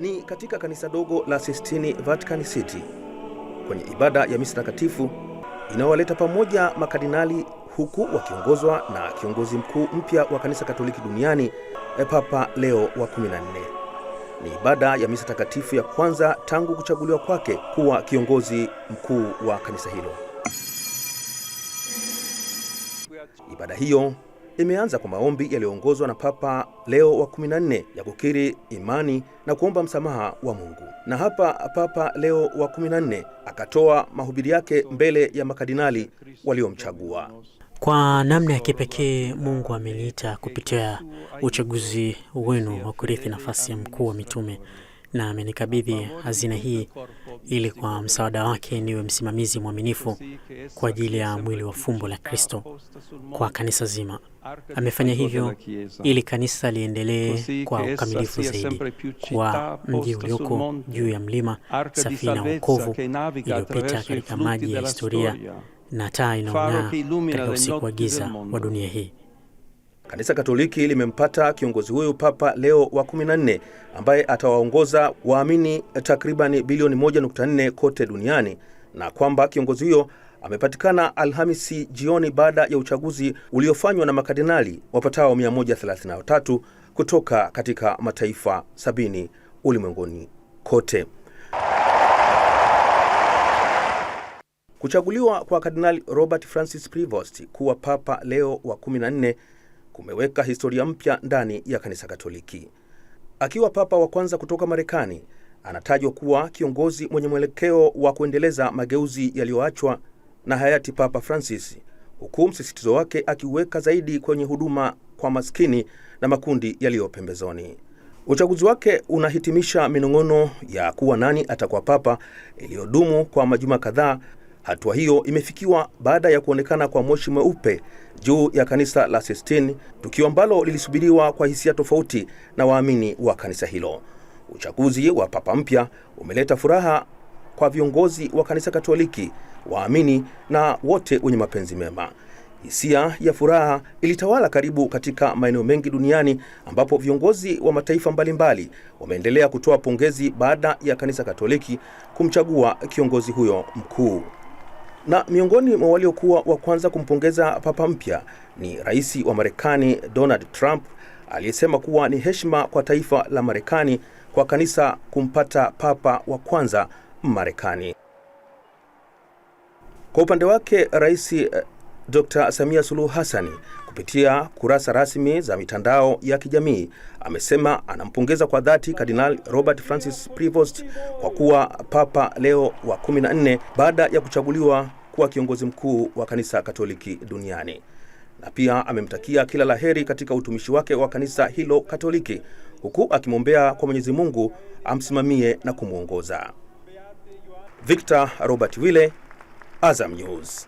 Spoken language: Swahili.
ni katika kanisa dogo la Sistini, Vatican City, kwenye ibada ya misa takatifu inayowaleta pamoja makardinali huku wakiongozwa na kiongozi mkuu mpya wa kanisa Katoliki duniani e, Papa Leo wa 14. Ni ibada ya misa takatifu ya kwanza tangu kuchaguliwa kwake kuwa kiongozi mkuu wa kanisa hilo. Ibada hiyo imeanza kwa maombi yaliyoongozwa na Papa Leo wa 14 ya kukiri imani na kuomba msamaha wa Mungu. Na hapa Papa Leo wa 14 akatoa mahubiri yake mbele ya makadinali waliomchagua. Kwa namna ya kipekee Mungu ameniita kupitia uchaguzi wenu wa kurithi nafasi ya mkuu wa mitume na amenikabidhi hazina hii ili kwa msaada wake niwe msimamizi mwaminifu kwa ajili ya mwili wa fumbo la Kristo kwa kanisa zima. Amefanya hivyo ili kanisa liendelee kwa ukamilifu zaidi, kwa mji ulioko juu ya mlima, safina wokovu iliyopita katika maji ya historia na taa inaong'aa katika usiku wa giza wa dunia hii. Kanisa Katoliki limempata kiongozi huyu Papa Leo wa 14 ambaye atawaongoza waamini takribani bilioni 1.4 kote duniani na kwamba kiongozi huyo amepatikana Alhamisi jioni baada ya uchaguzi uliofanywa na makardinali wapatao 133 kutoka katika mataifa sabini ulimwenguni kote. Kuchaguliwa kwa Kardinali Robert Francis Prevost kuwa Papa Leo wa 14 kumeweka historia mpya ndani ya kanisa Katoliki. Akiwa papa wa kwanza kutoka Marekani, anatajwa kuwa kiongozi mwenye mwelekeo wa kuendeleza mageuzi yaliyoachwa na hayati Papa Francis, huku msisitizo wake akiweka zaidi kwenye huduma kwa maskini na makundi yaliyo pembezoni. Uchaguzi wake unahitimisha minong'ono ya kuwa nani atakuwa papa iliyodumu kwa majuma kadhaa. Hatua hiyo imefikiwa baada ya kuonekana kwa moshi mweupe juu ya kanisa la Sistine, tukio ambalo lilisubiriwa kwa hisia tofauti na waamini wa kanisa hilo. Uchaguzi wa papa mpya umeleta furaha kwa viongozi wa kanisa Katoliki, waamini na wote wenye mapenzi mema. Hisia ya furaha ilitawala karibu katika maeneo mengi duniani ambapo viongozi wa mataifa mbalimbali wameendelea kutoa pongezi baada ya kanisa Katoliki kumchagua kiongozi huyo mkuu. Na miongoni mwa waliokuwa wa kwanza kumpongeza papa mpya ni rais wa Marekani Donald Trump aliyesema kuwa ni heshima kwa taifa la Marekani kwa kanisa kumpata papa wa kwanza Marekani. Kwa upande wake Rais eh, Dr. Samia Suluhu hasani kupitia kurasa rasmi za mitandao ya kijamii amesema anampongeza kwa dhati Kardinal Robert Francis Prevost kwa kuwa Papa Leo wa 14 baada ya kuchaguliwa kuwa kiongozi mkuu wa kanisa Katoliki duniani na pia amemtakia kila la heri katika utumishi wake wa kanisa hilo Katoliki huku akimwombea kwa Mwenyezi Mungu amsimamie na kumwongoza. Victor Robert wille Azam News.